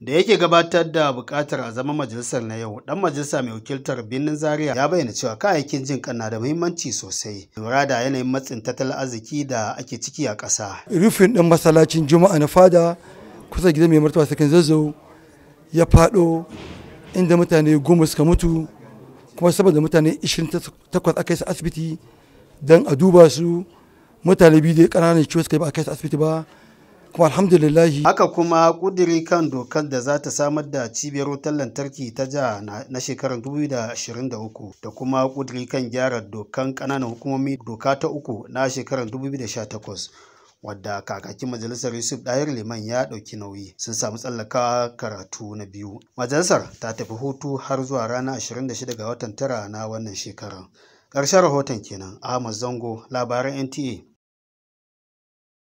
da yake gabatar da bukatar a zama majalisar na yau dan majalisa mai wakiltar birnin zaria ya bayyana cewa kayayyakin jin na da muhimmanci sosai lura da yanayin matsin tattalin arziki da ake ciki a ƙasa rufin din masallacin juma'a na fada kusa gidan mai martaba sakin zazzau ya faɗo inda mutane goma suka mutu kuma saboda mutane 28 aka yi su asibiti don a duba su mutane biyu da ƙananan ciwo suka yi ba a kai su asibiti ba alhamdulillahi haka kuma kudiri kan dokar da za ta samar da cibiyar wutar lantarki ta ja na shekarar 2023 da kuma kudiri kan gyara dokan kananan hukumomi doka ta uku na shekarar 2018 wadda kakakin majalisar yusuf ɗayar liman ya ɗauki nauyi sun samu tsallaka karatu na biyu majalisar ta tafi hutu har zuwa rana 26 ga watan tara na wannan shekarar ƙarshen rahoton kenan ahmad zango labaran nta